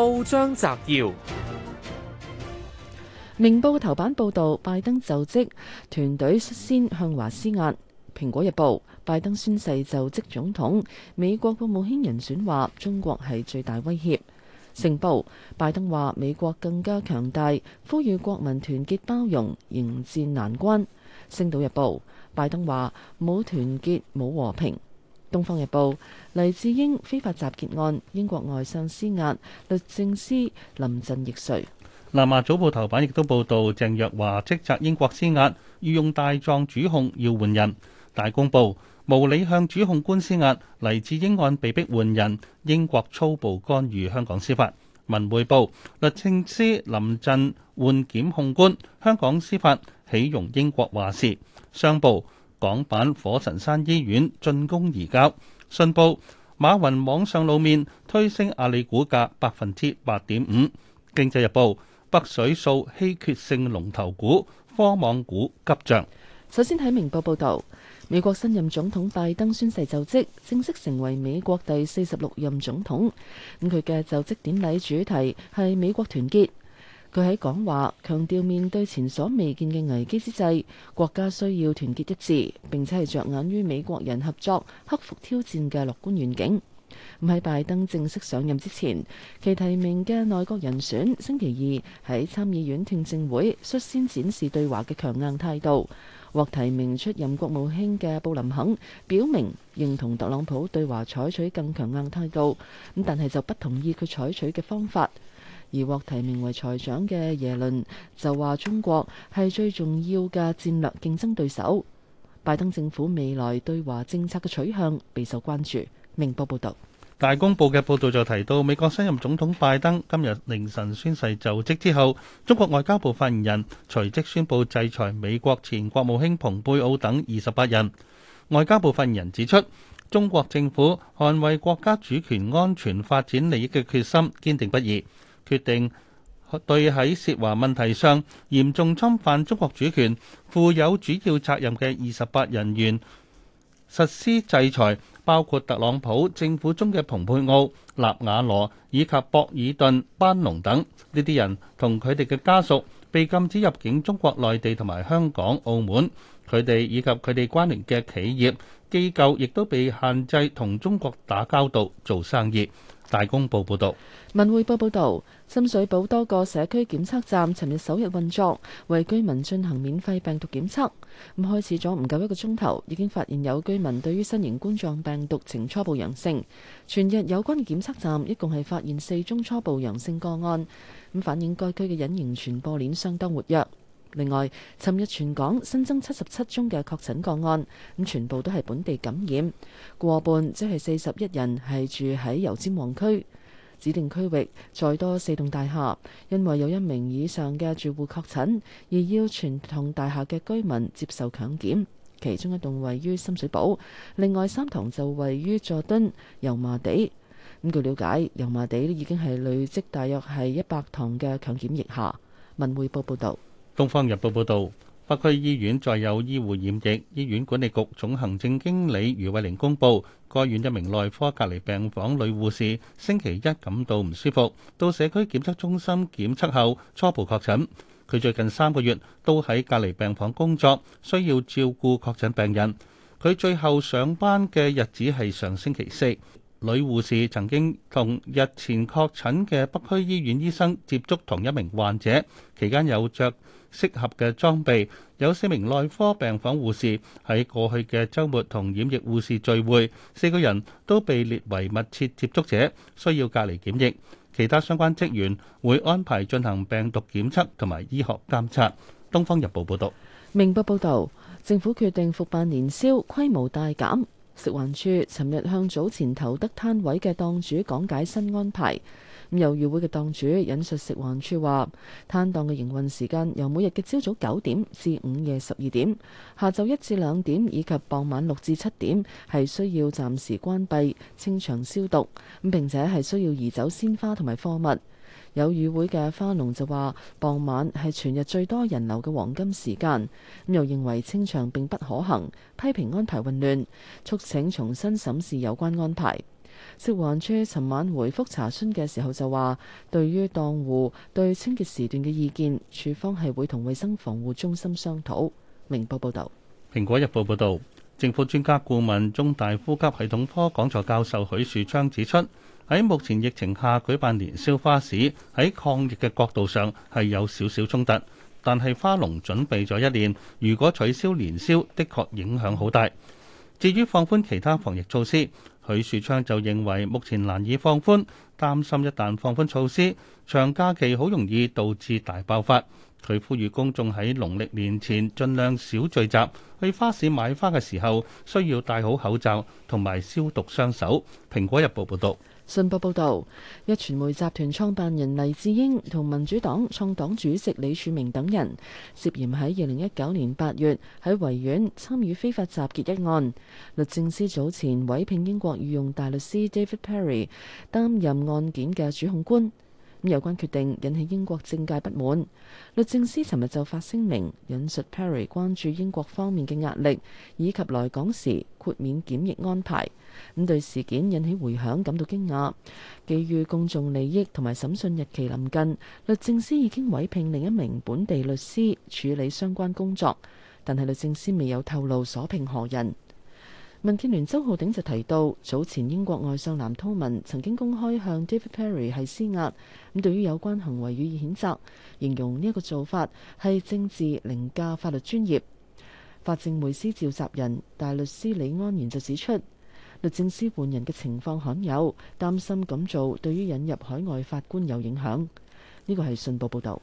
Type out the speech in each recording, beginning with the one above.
報章摘要：明報頭版報道，拜登就職團隊率先向華施壓。蘋果日報，拜登宣誓就職總統。美國國務卿人選話，中國係最大威脅。成報，拜登話美國更加強大，呼籲國民團結包容，迎戰難關。星島日報，拜登話冇團結冇和平。《東方日報》黎智英非法集結案，英國外相施壓，律政司臨陣易帥。《南華早報》頭版亦都報道鄭若驊斥責英國施壓，御用大狀主控要換人。《大公報》無理向主控官施壓，黎智英案被逼換人，英國粗暴干預香港司法。《文匯報》律政司臨陣換檢控官，香港司法豈容英國話事？《商報》港版火神山醫院竣工移交。信報：馬雲網上露面，推升阿里股價百分之八點五。經濟日報：北水掃稀缺性龍頭股，科網股急漲。首先睇明報報道，美國新任總統拜登宣誓就職，正式成為美國第四十六任總統。咁佢嘅就職典禮主題係美國團結。佢喺講話，強調面對前所未見嘅危機之際，國家需要團結一致，並且係着眼於美國人合作克服挑戰嘅樂觀願景。咁喺拜登正式上任之前，其提名嘅內閣人選星期二喺參議院聽證會率先展示對華嘅強硬態度。獲提名出任國務卿嘅布林肯表明認同特朗普對華採取更強硬態度，咁但係就不同意佢採取嘅方法。而獲提名為財長嘅耶倫就話：中國係最重要嘅戰略競爭對手。拜登政府未來對華政策嘅取向備受關注。明報報導。大公報嘅報導就提到，美國新任總統拜登今日凌晨宣誓就職之後，中國外交部發言人隨即宣布制裁美國前國務卿蓬佩奧等二十八人。外交部發言人指出，中國政府捍衛國家主權、安全、發展利益嘅決心堅定不移。決定對喺涉華問題上嚴重侵犯中國主權、負有主要責任嘅二十八人員實施制裁，包括特朗普政府中嘅蓬佩奧、納瓦羅以及博爾頓、班農等呢啲人，同佢哋嘅家屬被禁止入境中國內地同埋香港、澳門，佢哋以及佢哋關聯嘅企業、機構亦都被限制同中國打交道、做生意。大公報報道，文匯報報道，深水埗多個社區檢測站尋日首日運作，為居民進行免費病毒檢測。咁開始咗唔夠一個鐘頭，已經發現有居民對於新型冠狀病毒呈初步陽性。全日有關檢測站一共係發現四宗初步陽性個案，咁反映該區嘅隱形傳播鏈相當活躍。另外，尋日全港新增七十七宗嘅確診個案，咁全部都係本地感染，過半即係四十一人係住喺油尖旺區指定區域，再多四棟大廈，因為有一名以上嘅住戶確診，而要全幢大廈嘅居民接受強檢，其中一棟位於深水埗，另外三棟就位於佐敦、油麻地。咁據了解，油麻地已經係累積大約係一百棟嘅強檢營下。文匯報報導。《東方日報》報道，北區醫院再有醫護染疫。醫院管理局總行政經理余惠玲公布，該院一名內科隔離病房女護士星期一感到唔舒服，到社區檢測中心檢測後初步確診。佢最近三個月都喺隔離病房工作，需要照顧確診病人。佢最後上班嘅日子係上星期四。女護士曾經同日前確診嘅北區醫院醫生接觸同一名患者，期間有著適合嘅裝備。有四名內科病房護士喺過去嘅週末同染疫護士聚會，四個人都被列為密切接觸者，需要隔離檢疫。其他相關職員會安排進行病毒檢測同埋醫學監察。《東方日報》報道，《明報》報道，政府決定復辦年宵，規模大減。食環署尋日向早前投得攤位嘅檔主講解新安排。咁有與會嘅檔主引述食環署話，攤檔嘅營運時間由每日嘅朝早九點至午夜十二點，下晝一至兩點以及傍晚六至七點，係需要暫時關閉清場消毒，咁並且係需要移走鮮花同埋貨物。有與會嘅花農就話：傍晚係全日最多人流嘅黃金時間，咁又認為清場並不可行，批評安排混亂，促請重新審視有關安排。食環署尋晚回覆查詢嘅時候就話：對於檔戶對清潔時段嘅意見，處方係會同衞生防護中心商討。明報報導，《蘋果日報》報導，政府專家顧問中大呼吸系統科講座教授許樹昌指出。喺目前疫情下舉辦年宵花市，喺抗疫嘅角度上係有少少衝突。但係花農準備咗一年，如果取消年宵，的確影響好大。至於放寬其他防疫措施，許樹昌就認為目前難以放寬，擔心一旦放寬措施，長假期好容易導致大爆發。佢呼籲公眾喺農曆年前盡量少聚集，去花市買花嘅時候需要戴好口罩同埋消毒雙手。蘋果日報報道。信報報導，一傳媒集團創辦人黎智英同民主黨創黨主席李柱銘等人涉嫌喺二零一九年八月喺維園參與非法集結一案。律政司早前委聘英國御用大律師 David Perry 擔任案件嘅主控官。咁有關決定引起英國政界不滿，律政司尋日就發聲明引述 Perry 關注英國方面嘅壓力，以及來港時豁免檢疫安排。咁對事件引起迴響感到驚訝，基於公眾利益同埋審訊日期臨近，律政司已經委聘另一名本地律師處理相關工作，但係律政司未有透露所聘何人。民建聯周浩鼎就提到，早前英國外相藍韜文曾經公開向 David Perry 係施壓，咁對於有關行為予以譴責，形容呢一個做法係政治凌駕法律專業。法政匯思召集人大律師李安然就指出，律政司換人嘅情況罕有，擔心咁做對於引入海外法官有影響。呢個係信報報道。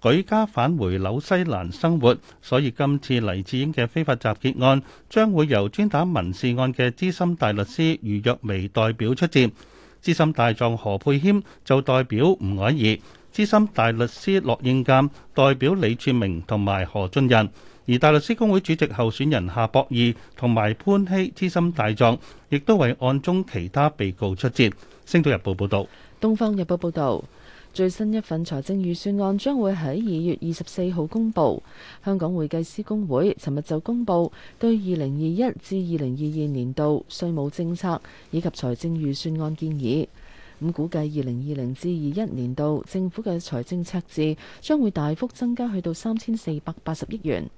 舉家返回紐西蘭生活，所以今次黎智英嘅非法集結案將會由專打民事案嘅資深大律師余若薇代表出戰，資深大狀何佩謙就代表吳靄儀，資深大律師駱應淦代表李柱銘同埋何俊仁，而大律師公會主席候選人夏博義同埋潘熙資深大狀，亦都為案中其他被告出戰。星島日報報導，東方日報報導。最新一份財政預算案將會喺二月二十四號公布。香港會計師公會尋日就公佈對二零二一至二零二二年度稅務政策以及財政預算案建議。咁估計二零二零至二一年度政府嘅財政赤字將會大幅增加，去到三千四百八十億元。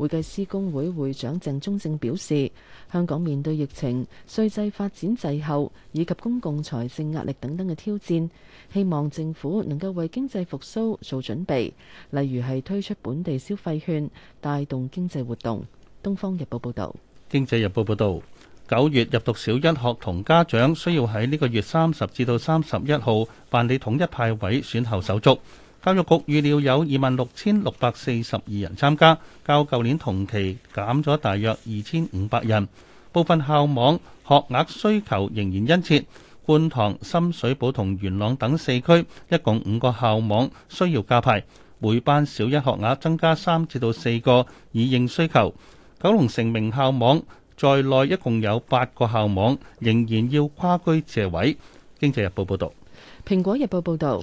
會計師公會會長鄭中正表示，香港面對疫情、稅制發展滯後以及公共財政壓力等等嘅挑戰，希望政府能夠為經濟復蘇做準備，例如係推出本地消費券，帶動經濟活動。東方日報報道。經濟日報報道，九月入讀小一學童家長需要喺呢個月三十至到三十一號辦理統一派位選校手續。教育局預料有二萬六千六百四十二人參加，較舊年同期減咗大約二千五百人。部分校網學額需求仍然殷切，觀塘、深水埗同元朗等四區，一共五個校網需要加派，每班小一學額增加三至到四個以應需求。九龍城名校網在內，一共有八個校網仍然要跨區借位。經濟日報報導。蘋果日報報導。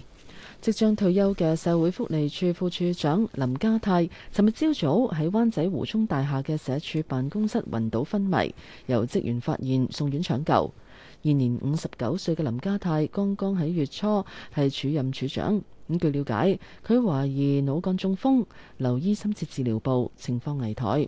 即將退休嘅社會福利署副署長林家泰，尋日朝早喺灣仔胡忠大廈嘅社署辦公室暈倒昏迷，由職員發現送院搶救。現年五十九歲嘅林家泰，剛剛喺月初係署任署長。咁、嗯、據了解，佢懷疑腦幹中風，留醫深切治療部，情況危殆。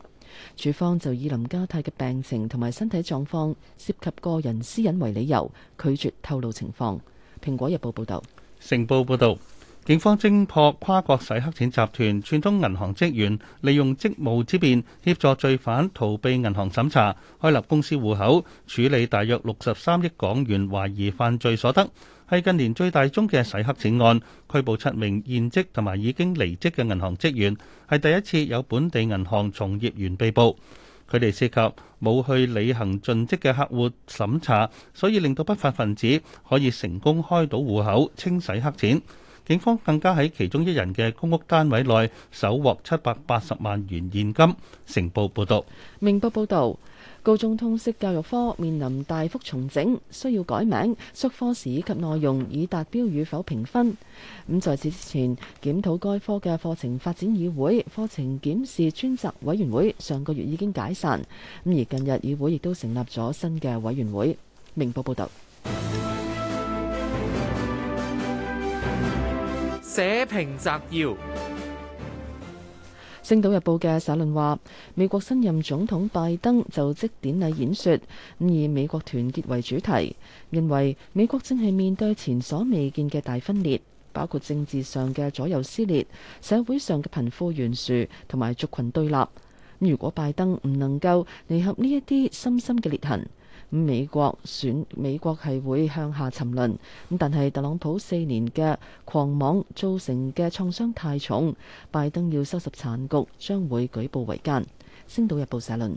署方就以林家泰嘅病情同埋身體狀況涉及個人私隱為理由，拒絕透露情況。蘋果日報報道。成報報導，警方偵破跨國洗黑錢集團串通銀行職員，利用職務之便協助罪犯逃避銀行審查，開立公司戶口處理大約六十三億港元懷疑犯罪所得，係近年最大宗嘅洗黑錢案，拘捕七名現職同埋已經離職嘅銀行職員，係第一次有本地銀行從業員被捕。佢哋涉及冇去履行盡職嘅客戶審查，所以令到不法分子可以成功開到戶口清洗黑錢，警方更加喺其中一人嘅公屋單位內搜獲七百八十萬元現金。成報報道。明報報導。高中通識教育科面臨大幅重整，需要改名、縮課時及內容以達標與否評分。咁在此之前，檢討該科嘅課程發展議會、課程檢視專責委員會上個月已經解散。咁而近日議會亦都成立咗新嘅委員會。明報報道，報章摘要。《星島日報》嘅社論話，美國新任總統拜登就職典禮演說，以美國團結為主題，認為美國正係面對前所未見嘅大分裂，包括政治上嘅左右撕裂、社會上嘅貧富懸殊同埋族群對立。如果拜登唔能夠彌合呢一啲深深嘅裂痕，咁美國選美國係會向下沉淪，咁但係特朗普四年嘅狂妄造成嘅創傷太重，拜登要收拾殘局，將會舉步維艱。《星島日報》社論。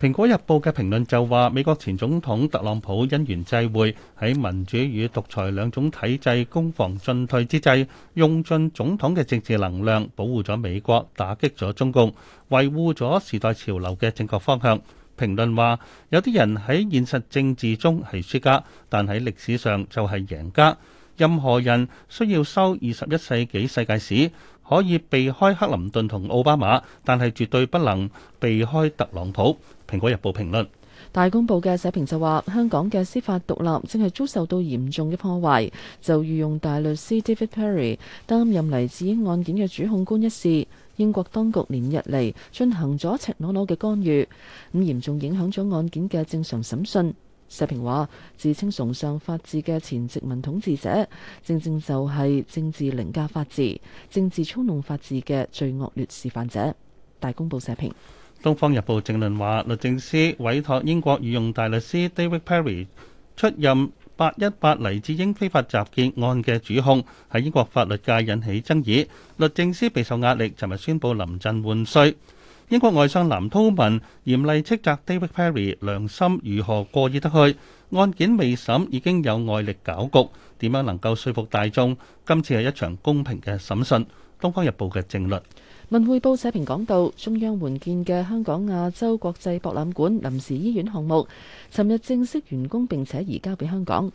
《蘋果日報》嘅評論就話：美國前總統特朗普因緣際會喺民主與獨裁兩種體制攻防進退之際，用盡總統嘅政治能量，保護咗美國，打擊咗中共，維護咗時代潮流嘅正確方向。評論話：有啲人喺現實政治中係輸家，但喺歷史上就係贏家。任何人需要修二十一世紀世界史，可以避開克林頓同奧巴馬，但係絕對不能避開特朗普。《蘋果日報評論》評論，大公報嘅社評就話：香港嘅司法獨立正係遭受到嚴重嘅破壞。就御用大律師 David Perry 擔任黎智英案件嘅主控官一事。英國當局連日嚟進行咗赤裸裸嘅干預，咁嚴重影響咗案件嘅正常審訊。社評話，自稱崇尚法治嘅前殖民統治者，正正就係政治凌駕法治、政治操弄法治嘅最惡劣示範者。大公報社評，《東方日報》正論話，律政司委託英國御用大律師 David Perry 出任。八一八黎智英非法集結案嘅主控喺英國法律界引起爭議，律政司備受壓力，尋日宣布臨陣換帥。英國外相藍韜文嚴厲斥責 David Perry 良心如何過意得去？案件未審已經有外力搞局，點樣能夠說服大眾？今次係一場公平嘅審訊。《東方日報》嘅正論。文匯報社評講到，中央援建嘅香港亞洲國際博覽館臨時醫院項目，尋日正式完工，並且移交俾香港。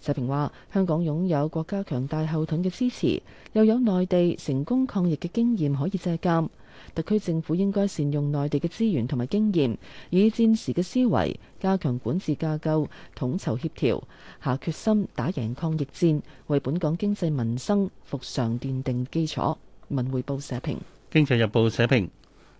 社評話，香港擁有國家強大後盾嘅支持，又有內地成功抗疫嘅經驗可以借鑑。特區政府應該善用內地嘅資源同埋經驗，以戰時嘅思維加強管治架構，統籌協調，下決心打贏抗疫戰，為本港經濟民生復常奠定，定基礎。文匯報社評。《經濟日報》社評：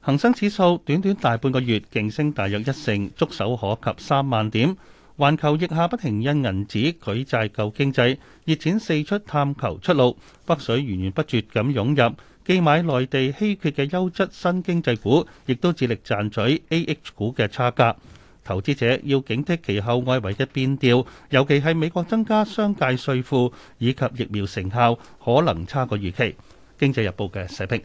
恒生指數短短大半個月勁升大約一成，觸手可及三萬點。環球疫下不停印銀紙，印銀紙舉債救經濟，熱錢四出探求出路，北水源源不絕咁湧入，既買內地稀缺嘅優質新經濟股，亦都致力賺取 AH 股嘅差價。投資者要警惕其後外圍嘅變調，尤其係美國增加商界稅負，以及疫苗成效可能差過預期。《經濟日報》嘅社評。